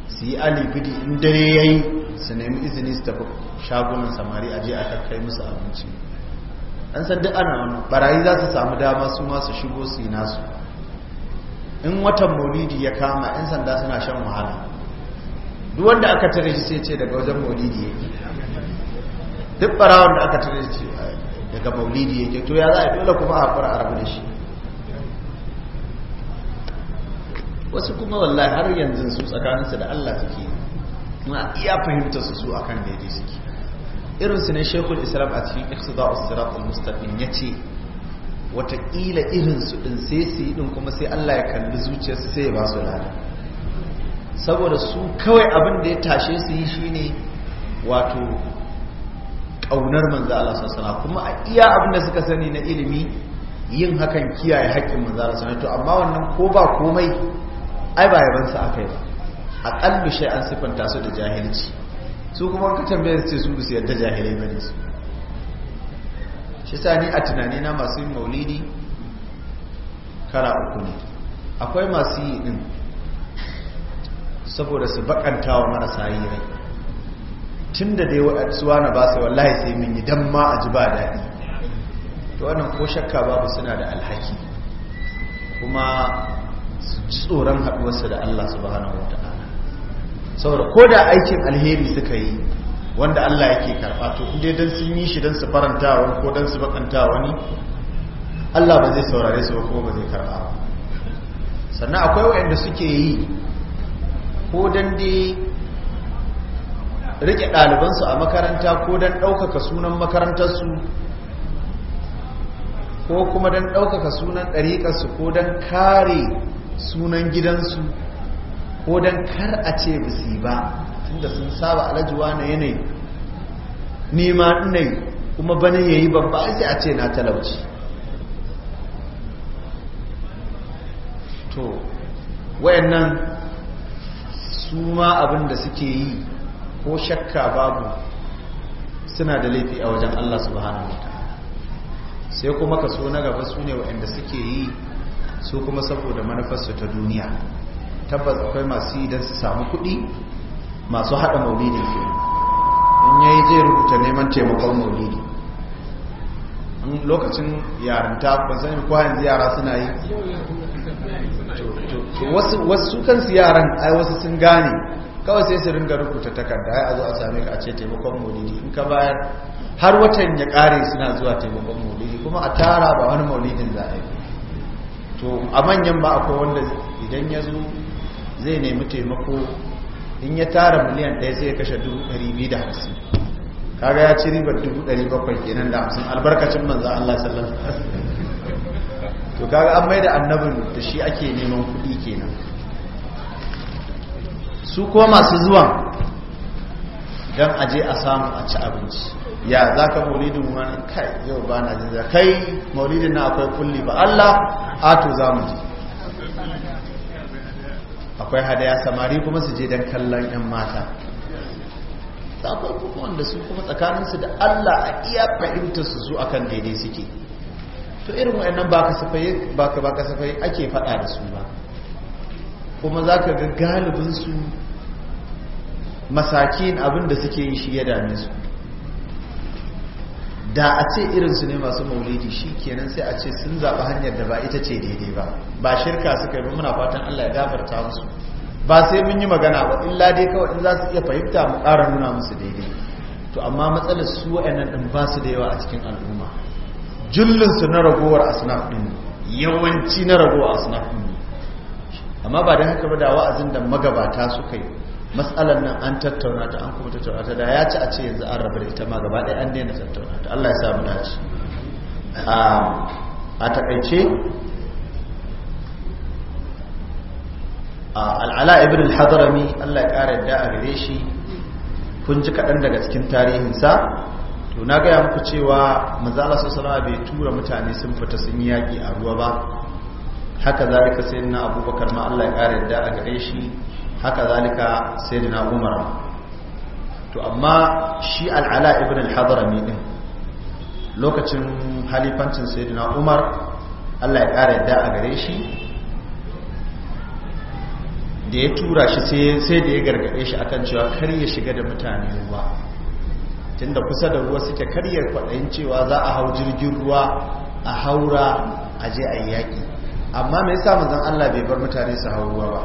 su yi alibidi inda dare ya yi su nemi izini su tafi shagunan samari aje a kakkai musu abinci an san ana wani barayi za su samu dama su masu shigo su yi nasu in watan maulidi ya kama 'yan sanda suna shan wahala duk wanda aka tare shi sai ce daga wajen maulidi yake duk barawon da aka tare shi daga maulidi yake to ya za a dole kuma a fara arabu da shi wasu kuma wallahi har yanzu su tsakaninsu da Allah suke kuma iya fahimta su su akan yake suke irin su ne shekul islam a cikin iqtida as-sirat al-mustaqim yace wataƙila irin su din sai su yi din kuma sai Allah ya kalli zuciyarsu sai ya ba su lada saboda su kawai abin da ya tashe su yi shine wato ƙaunar manzo Allah sallallahu kuma a iya abin da suka sani na ilimi yin hakan kiyaye haƙƙin manzo Allah sallallahu to amma wannan ko ba komai ai ba yaban su akai ba aqallu an sifanta su da jahilci su kuma ka tambaye su ce su su yadda jahilai bane su shi sa ni a tunani na masu yin maulidi kara uku ne akwai masu yi din saboda su bakanta wa marasa yi rai tun da dai suwa na ba su wallahi sai mun yi don ma a ji ba daɗi to wannan ko shakka babu suna da alhaki kuma su ci tsoron haɗuwarsu da Allah hana wata ana saboda ko da aikin alheri suka yi wanda Allah yake karɓa to inda don sun yi shi don su faranta wani ko don su bakanta wani Allah ba zai saurare su ba kuma ba zai karɓa ba sannan akwai wa'anda suke yi ko dan dai rike ɗalibansu a makaranta ko don ɗaukaka sunan makarantarsu ko kuma don ɗaukaka sunan ɗariƙarsu ko don kare sunan gidansu ko don kar a ce bisi ba tunda sun saba alajuwa na yanayi nema ɗinai kuma bane yi babba ake a ce na talauci to wayannan su ma abin da suke yi ko shakka babu suna da laifi a wajen Allah subhanahu wataala sai kuma ka so na gaba su ne waɗanda suke yi su kuma saboda manufarsu ta duniya tabbas akwai masu yi don su samu kuɗi masu haɗa maulidi ke in yi zai rubuta neman taimakon maulidi lokacin yaranta ban sani ko yanzu yara suna yi wasu kansu yaran ai wasu sun gane kawai sai su ringa rubuta takarda ai a zo a same ka a ce taimakon maulidi in ka bayar har watan ya kare suna zuwa taimakon maulidi kuma a tara ba wani maulidin za a yi to a manyan ba akwai wanda idan ya zo zai nemi taimako in ya tara miliyan ɗaya sai ya kashe dubu ɗari biyu da hamsin kaga ya ci ribar dubu ɗari bakwai kenan da hamsin albarkacin manzan Allah sallallahu alaihi wasallam to kaga an mai da annabin da shi ake neman kuɗi kenan su kuma masu zuwan don aje a samu a ci abinci ya za ka maulidin wani kai yau ba na jinja kai maulidin na akwai kulli ba Allah ato za mu ji akwai hadaya samari kuma su je don kallon 'yan mata za kuma wanda su kuma tsakaninsu da Allah a iya fahimta su zuwa akan daidai suke to irin wa'annan ba kasafai ba ka ba ake faɗa da su ba kuma za ka ga su masakin abin da suke yi shi ya dame su da a ce irinsu ne masu maulidi shi kenan sai a ce sun zaɓi hanyar da ba ita ce daidai ba ba shirka suka yi muna fatan allah ya gafarta musu ba sai mun yi magana ba illa dai kawai in za su iya fahimta mu ƙara nuna musu daidai to amma matsalar su wa'annan ɗin ba su da yawa a cikin al'umma jullinsu na ragowar asnaf ɗin yawanci na ragowar asnaf ɗin amma ba da haka ba da wa'azin da magabata suka yi matsalar nan an tattauna ta an kuma tattauna ta da ya ci a ce yanzu an rabu da ita ma gaba ɗaya an daina tattauna ta Allah ya mu dace a taƙaice al'ala ibn al-hadrami Allah ya ƙara yadda a gare shi kun ji kaɗan daga cikin tarihinsa to na gaya muku cewa manzala sassara bai tura mutane sun fita sun yi yaƙi a ruwa ba haka zalika sai na abubakar ma allah ya ƙara yadda a gare shi haka zalika sai da na umar to amma shi al'ala ibn al-hadarami din lokacin halifancin sai da na umar allah ya ƙara yadda a gare shi da ya tura shi sai da ya gargaɗe shi akan cewa kar ya shiga da mutane ruwa tunda kusa da ruwa suke karyar kwaɗayin cewa za a hau jirgin ruwa a haura a je a yaƙi amma mai sa zan Allah bai bar mutane su hau ruwa ba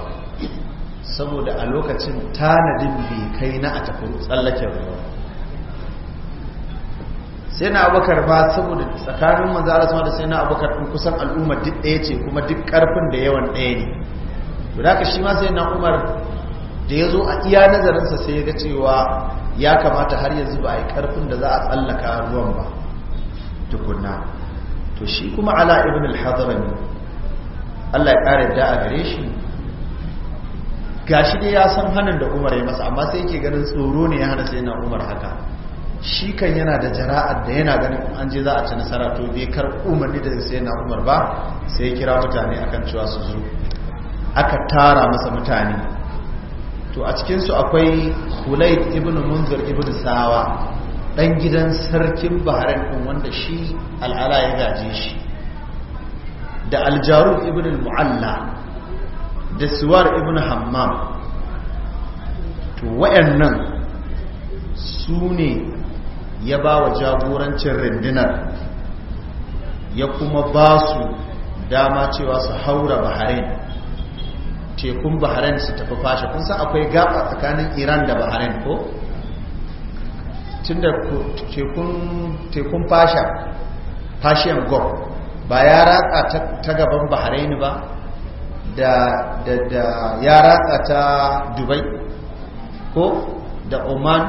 saboda a lokacin tanadin bai kai na a tafi tsallaken ruwa sai na abokar ba saboda tsakanin manzan Allah da sai na abokar ɗin kusan al'umma duk ɗaya ce kuma duk ƙarfin da yawan ɗaya ne to da ka shi ma sai na umar da ya zo a iya nazarinsa sai ya ga cewa ya kamata har yanzu ba a yi karfin da za a tsallaka ruwan ba tukunna to shi kuma ala ibn al ne. Allah ya kare da a gare shi gashi dai ya san hannun da Umar ya masa amma sai yake ganin tsoro ne ya hana sai na Umar haka shi kan yana da jara'ar da yana ganin an je za a ci nasara to bai kar umarni da sai na Umar ba sai ya kira mutane akan cewa su zo aka tara masa mutane to a cikinsu akwai kulait ibn munzir ibn sawa ɗan gidan sarkin bahrain ɗin wanda shi al'ala ya gaje shi da aljarun ibn mu'alla da suwar ibn hammam to wayannan su ne ya ba wa jagorancin rundunar ya kuma ba su dama cewa su haura bahrain tekun bahrain su tafi fasha kun san akwai gaba tsakanin iran da bahrain ko tunda tekun tekun fasha fashiyan gulf ba ya ratsa ta gaban bahrain ba da ya ratsa ta dubai ko da oman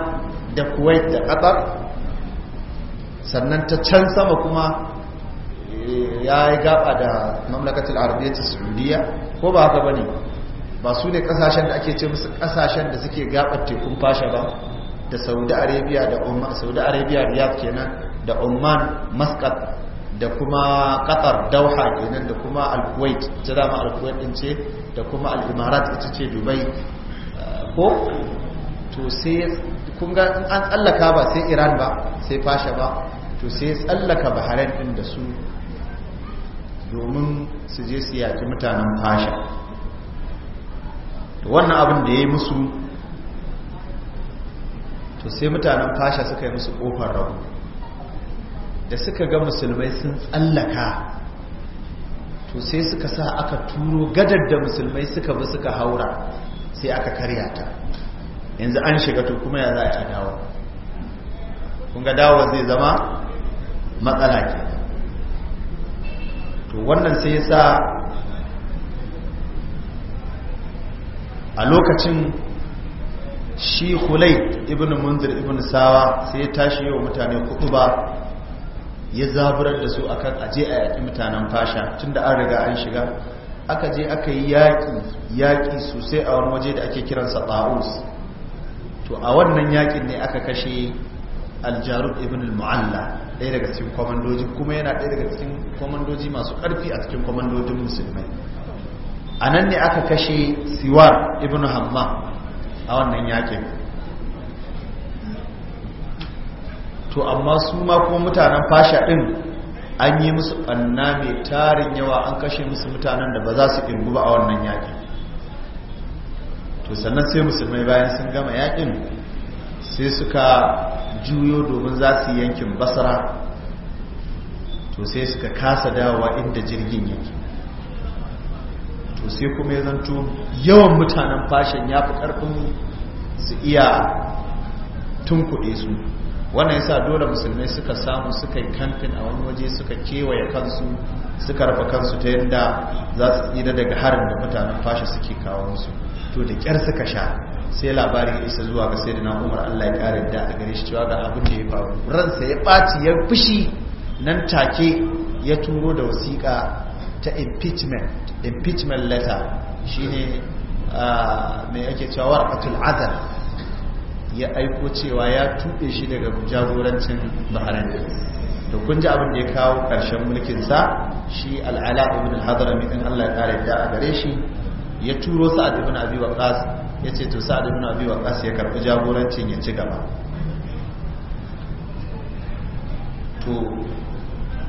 da kuwait da qatar sannan ta can sama kuma eh, ya yi gaba da mamlakatul arabiyyar saudiya ko ba haka bane ba su ne kasashen da ake ce musu kasashen da suke gabar tekun fasha ba da saudi arabia da umar saudi arabia riyadh kenan da oman muscat da kuma qatar dauha kenan da kuma al-kuwait ita dama al-kuwait din ce da kuma al-imarat ita ce dubai ko to sai kun ga an tsallaka ba sai iran ba sai fasha ba to sai tsallaka bahrain din da su domin su je su yaki mutanen fasha to wannan abin da ya yi musu to sai mutanen fasha suka yi musu ƙofar rabu da suka ga musulmai sun tsallaka to sai suka sa aka turo gadar da musulmai suka bi suka haura sai aka karya ta yanzu an shiga to kuma ya za a dawo kun ga dawo zai zama matsala ke to wannan sai ya sa a lokacin shi hulai ibn munzir ibn sawa sai ya tashi yau mutane kuɗu ba ya zaburar da su akan aje a yaƙi mutanen fasha tunda an riga an shiga aka je aka yi yaƙi yaƙi sosai a wani waje da ake kiransa ba'us to a wannan yaƙin ne aka kashe aljarub ibn al-mu'alla ɗaya daga cikin kwamandoji kuma yana ɗaya daga cikin kwamandoji masu ƙarfi a cikin kwamandojin musulmai a nan ne aka kashe siwar ibn hamma a wannan yakin to amma su ma kuma mutanen fasha ɗin an yi musu ɓanna mai tarin yawa an kashe musu mutanen da ba za su ƙirgu ba a wannan yakin to sannan sai musulmai bayan sun gama yakin sai suka juyo domin za su yankin basara to sai suka kasa dawowa inda jirgin yake to sai kuma ya zanto yawan mutanen fashin ya fi ƙarfin su iya tun kuɗe su wannan yasa dole musulmai suka samu suka yi kamfin a wani waje suka kewaye kansu suka rufe kansu ta yadda za su tsira daga harin da mutanen fasha suke kawo su. to da kyar suka sha sai labari ya isa zuwa ga sayyidina Umar Allah ya kare da a gare shi cewa ga abu da ya faru ransa ya ɓaci ya fushi nan take ya turo da wasiƙa ta impeachment impeachment letter shine ah, mai ake cewa warqatul adal ya aiko cewa ya tuɓe shi daga jagorancin Bahrain to kun ji abin da ya kawo ƙarshen mulkin sa shi al'ala ibn al-hadrami din Allah ya kare da a gare shi ya turo sa'ad ibn ƙas ya ce to sa'ad ibn abi ya karɓi jagorancin ya ci gaba to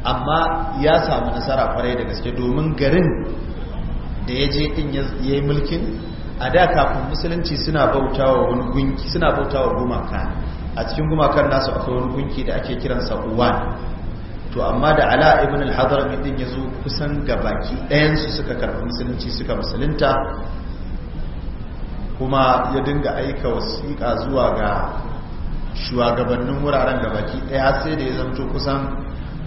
amma ya samu nasara kwarai da gaske domin garin da ya je din ya yi mulkin a da kafin musulunci suna bautawa wani gunki suna bautawa gumaka a cikin gumakan nasu akwai wani gunki da ake kiransa uwan to amma da ala ibn al-hadrami din yazo kusan gabaki ɗayan su suka karɓi musulunci suka musulunta kuma ya dinga aika wasiƙa zuwa ga shugabannin wuraren gabaki ɗaya sai da ya zanto kusan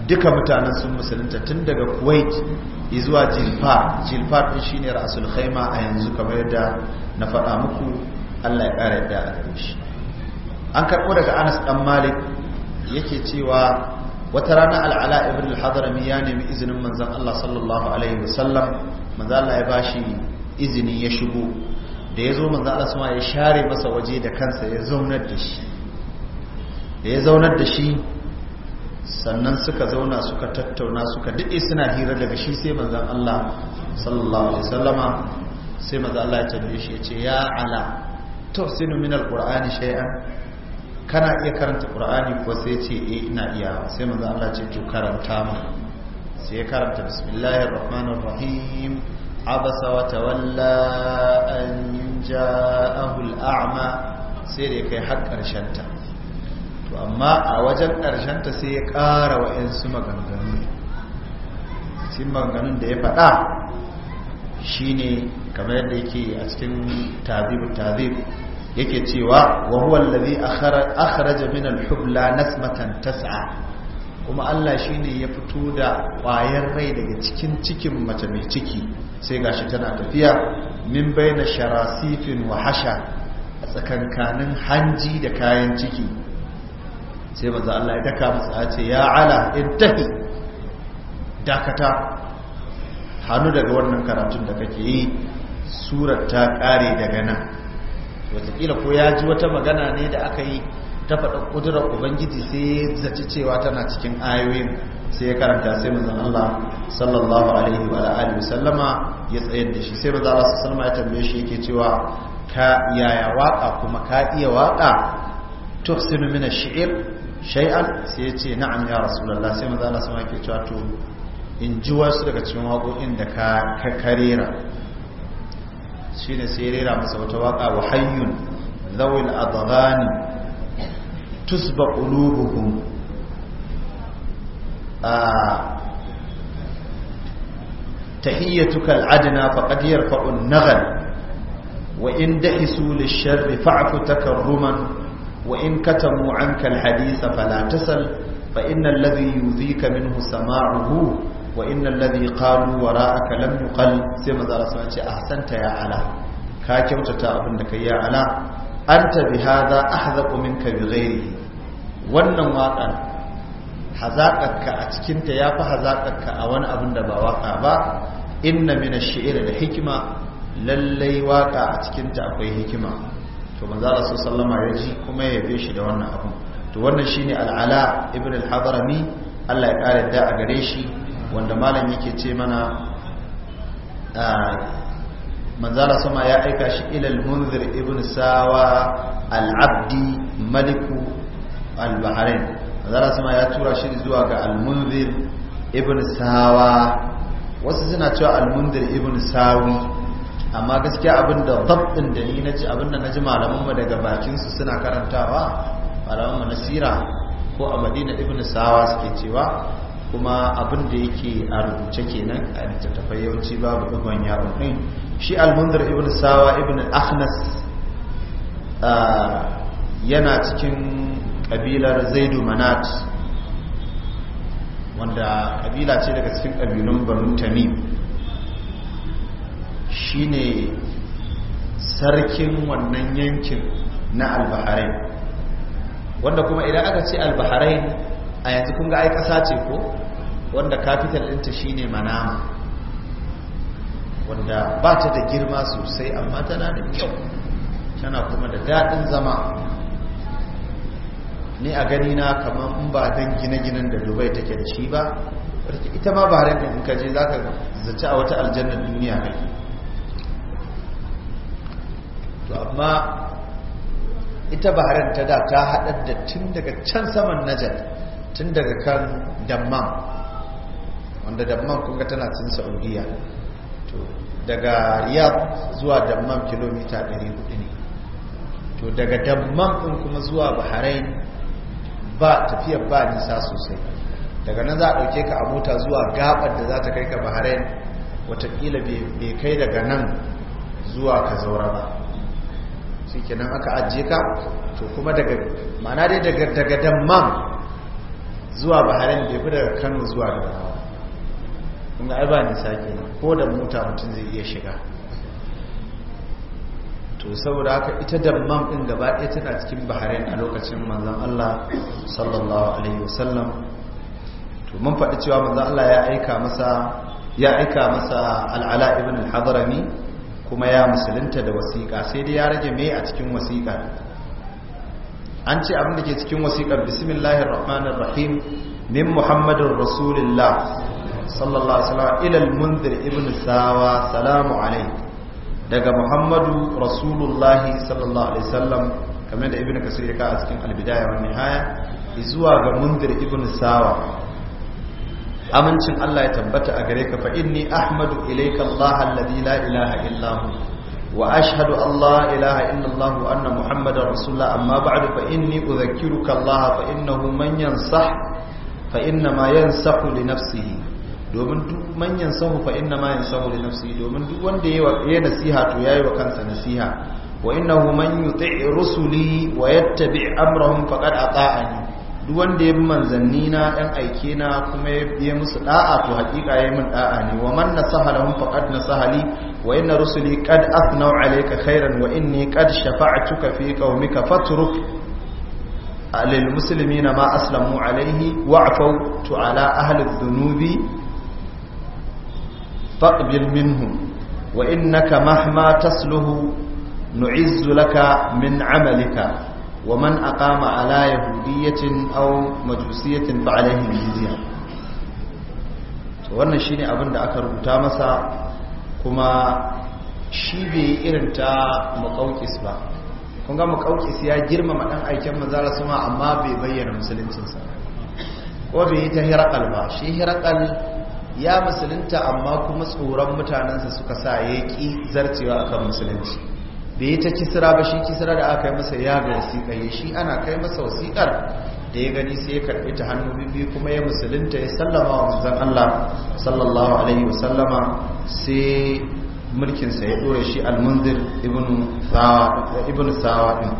duka mutanen sun musulunta tun daga kuwait zuwa jilfar jilfar ɗin shi ne rasul khaima a yanzu kamar yadda na faɗa muku allah ya ƙara yadda a shi an karɓo daga anas ɗan malik yake cewa wata rana al'ala ibn al ya nemi izinin manzan allah sallallahu alaihi wasallam manzon allah ya bashi izini ya shigo da ya zo manzan allah ya share masa waje da kansa ya zaunar da ya zaunar da shi sannan suka zauna suka tattauna suka daɗe suna hira daga shi sai manzan Allah sallallahu alaihi sallama sai manzan Allah ya tambaye shi ya ce ya ala tafsinu min alqur'ani shay'an kana iya karanta qur'ani ko sai ce eh ina iya sai manzan Allah ce to karanta mu sai ya karanta bismillahir rahmanir rahim abasa wa tawalla an ja'ahu ama sai da kai har karshen ta to amma a wajen ƙarshen ta sai ya ƙara wa su maganganu cikin maganganun da ya faɗa shi ne kamar yadda yake a cikin tabib-tabib yake cewa wa huwa allazi akhraja min al-hubla nasmatan tas'a kuma Allah shine ya fito da ƙwayar rai daga cikin cikin mace mai ciki sai gashi tana tafiya min baina sharasifin wa hasha a tsakankanin hanji da kayan ciki sai maza Allah ya daka musu a ce ya ala intahi dakata hannu daga wannan karatun da kake yi surar ta kare daga nan wataƙila ko ya ji wata magana ne da aka yi ta faɗa ƙudurar ubangiji sai zaci cewa tana cikin ayoyin sai ya karanta sai maza Allah sallallahu alaihi wa alihi sallama ya tsayar da shi sai maza Allah sallama ya tambaye shi yake cewa ka yaya waƙa kuma ka iya waƙa tuhsinu min ash-shi'r shay'an sai ya ce na'am ya rasulullah sai maza na sama yake cewa to in ji wasu daga cikin waƙoƙin da ka kakarera. shi ne sai rera masa wata waƙa wa hayyun zawil adghani tusba qulubuhum a tahiyyatuka al'adna fa yarfa'u an-naghal wa in dahisu lish-sharri takarruman وإن كتموا عنك الحديث فلا تسل فإن الذي يذيك منه سماعه وإن الذي قالوا وراءك لم يقل سيما ذا رسول أحسنت يا علا كاكوت تأبنك يا علا أنت بهذا أحذق منك بغيره wannan waƙar hazaƙarka a cikinta ya fi hazaƙarka a wani abin da ba waƙa ba inna mina shi'ir da hikima lallai waƙa a cikinta akwai hikima to manzo Allah sallama ya ji kuma ya yabe shi da wannan abu to wannan shine al-ala ibn al-hadrami Allah ya kare da a gare shi wanda malam yake ce mana manzara ma ya aika shi ilal munzir ibn sawa al-abdi maliku al-bahrain manzara ma ya tura shi zuwa ga al-munzir ibn sawa wasu suna cewa al-munzir ibn sawi amma gaskiya abin da dabbin da ni na ji abin da na ji malamanmu daga bakinsu suna karantawa malamanmu na sira ko a madina ibn sawa suke cewa kuma abin da yake a rubuce kenan a littattafai yawanci babu ɗigon yawon ɗin shi almundar ibn sawa ibn ahnas yana cikin ƙabilar zaidu manat wanda ƙabila ce daga cikin ƙabilun banu tamim shine sarkin wannan yankin na albaharai wanda kuma idan aka ce albaharai a yanzu kun ga ai ƙasa ce ko wanda capital ɗinta shine manama wanda ba ta da girma sosai amma tana da kyau tana kuma da daɗin zama ni a gani na kamar in ba dan gine-ginen da dubai take da shi ba ita ma bahrain in ka je za ka zaci a wata aljannar duniya kai amma ita baharin ta da ta haɗar da tun daga can saman najar tun daga kan damman wanda damman kunga tana cin saudiya daga riyadh zuwa damman kilomita 400 ne to daga damman ɗin kuma zuwa bahrain ba tafiyar ba nisa sosai daga nan za a ɗauke ka a mota zuwa gabar da za ta kai ka bahrain watakila bai kai daga nan zuwa ka zaura ba shi kenan aka ajiye ka to kuma daga mana dai daga daga damman zuwa baharin bai fi daga kano zuwa da kun ga alba nisa kenan ko da mota mutum zai iya shiga to saboda haka ita damman din gaba ɗaya tana cikin baharin a lokacin manzon Allah sallallahu alaihi wasallam to mun faɗi cewa manzon Allah ya aika masa ya aika masa al'ala ibn al-hadrami kuma ya musulunta da wasiƙa sai dai ya rage mai a cikin wasiƙa an ce abin da ke cikin wasiƙar bismillahir rahmanir rahim min muhammadin rasulullah sallallahu alaihi wasallam ilal munzir ibn sawa salamu alaihi daga muhammadu rasulullah sallallahu alaihi wasallam kamar da ibn kasir ya ka a cikin albidaya wa nihaya zuwa ga munzir ibn sawa amincin Allah ya tambata a gare ka fa inni ahmadu ilayka Allah alladhi la ilaha illa hu wa ashhadu an la ilaha illa Allah wa anna muhammadar rasulullah amma ba'du fa inni udhakkiruka Allah fa innahu man yansah fa inna ma yansahu li nafsihi domin duk man yansahu fa inna ma yansahu li nafsihi domin duk wanda ya yayi nasiha to yayi wa kansa nasiha wa innahu man yuti rusuli wa yattabi amrahum faqad ata'ani duk wanda ya bi manzanni na ɗan aike na kuma ya musu ɗa'a to haƙiƙa ya min ɗa'a ne wa man nasaha lahum faqad sahali wa inna rusuli qad asnau alayka khairan wa inni qad shafa'tuka fi qaumika fatruk lil muslimina ma aslamu alayhi wa'fu tu ala ahli dhunubi faqbil minhum wa innaka mahma tasluhu nu'izzu laka min amalika ومن أقام على يهودية أو مجوسية فعليه الجزية wannan shine abin da aka rubuta masa kuma shi bai irin ta makaukis ba kun ga makaukis ya girmama ɗan aikin manzara sama amma bai bayyana musuluncinsa ko bai yi ta hirakal ba shi hirakal ya musulunta amma kuma tsoron mutanensa suka sa ya ƙi zarcewa akan musulunci ya ta kisra ba shi kisra da aka yi masa ya ga wasiƙa ya shi ana kai masa wasiƙar da ya gani sai ya karɓi ta hannu bibi kuma ya musulunta ya sallama wa manzon Allah sallallahu alaihi wasallama sai mulkinsa ya ɗora shi almunzir ibn sawa ɗin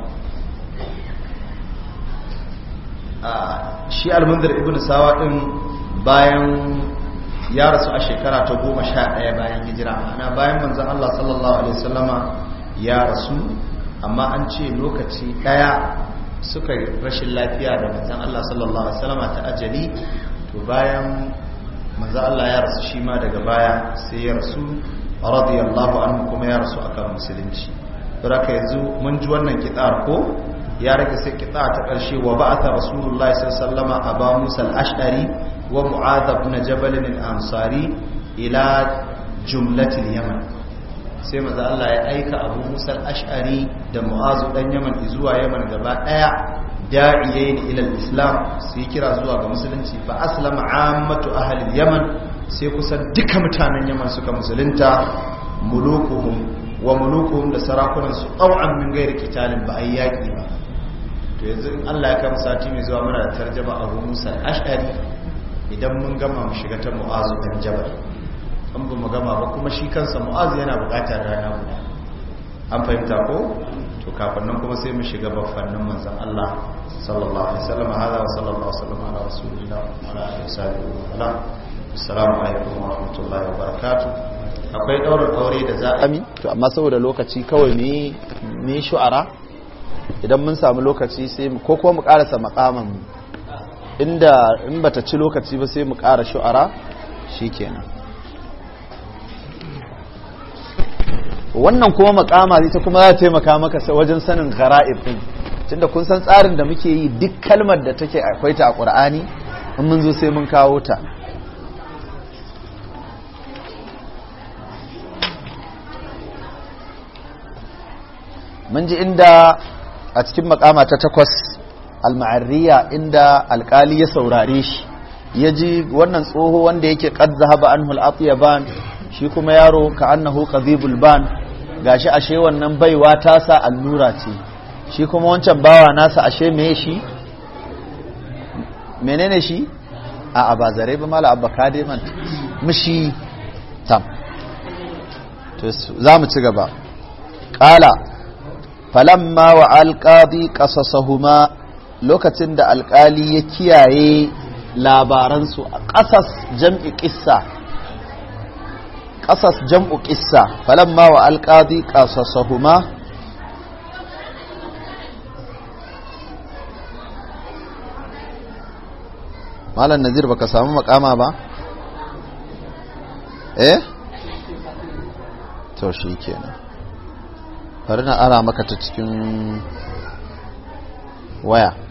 shi almunzir ibn sawa ɗin bayan ya rasu a shekara ta goma sha ɗaya bayan hijira ana bayan manzan Allah sallallahu Alaihi wasallama ya rasu amma an ce lokaci daya suka rashin lafiya da manzon Allah sallallahu alaihi Wasallama ta ajali to bayan manzon Allah ya rasu shi ma daga baya sai ya rasu radiyallahu anhu kuma ya rasu akan musulunci raka yanzu mun ji wannan kitar ko ya rage sai kita ta ƙarshe wa ba'atha rasulullahi sallallahu alaihi wasallam aba musa al-ash'ari wa mu'adh ibn jabal al-ansari ila jumlatil yaman sai maza Allah ya aika abu musar ash'ari da mu'azu dan yaman zuwa yaman gaba daya da'iyai ne ilal islam su yi kira zuwa ga musulunci ba aslama ammatu ahalil yaman sai kusan duka mutanen yaman suka musulunta mulukuhum wa mulukuhum da sarakunan su ɗau'an min gairi kitalin ba a yi yaƙi ba to yanzu in Allah ya kama sati mai zuwa muna da tarjaba abu musar ash'ari idan mun gama mu shiga ta mu'azu dan jabal an ba magama ba kuma shi kansa mu'azi yana bukatar rana guda an fahimta ko to kafin nan kuma sai mu shiga bafannin manzan Allah sallallahu alaihi wasallam hada wa sallallahu alaihi ala rasulillah wa ala alihi wa sahbihi assalamu alaikum wa rahmatullahi wa barakatuh akwai daura daure da za ami to amma saboda lokaci kawai ne ne shu'ara idan mun samu lokaci sai mu ko kuma mu karasa makaman inda in bata ci lokaci ba sai mu kara shu'ara shikenan wannan kuma makama ita kuma za ta taimaka maka wajen sanin gara'ib din tunda kun san tsarin da muke yi duk kalmar da take akwai ta a qur'ani in mun zo sai mun kawo ta mun ji inda a cikin makama ta takwas al-ma'arriya inda alkali ya saurare shi ya ji wannan tsoho wanda yake qad zahaba anhu al-atyaban shi kuma yaro ka annahu qadibul ban gashi ashe wannan baiwa ta sa allura ce shi kuma wancan bawa nasa ashe meye shi menene shi a ba ba mala abba kade man mushi tam to za mu ci gaba qala falamma wa alqadi qasasahuma lokacin da alkali ya kiyaye labaransu a ƙasas jam'i ƙissa ƙasas jam'u ƙissa falamma wa alƙadi ƙasasahuma malam nazir baka samu makama ba eh to shi kenan bari na ara maka ta cikin waya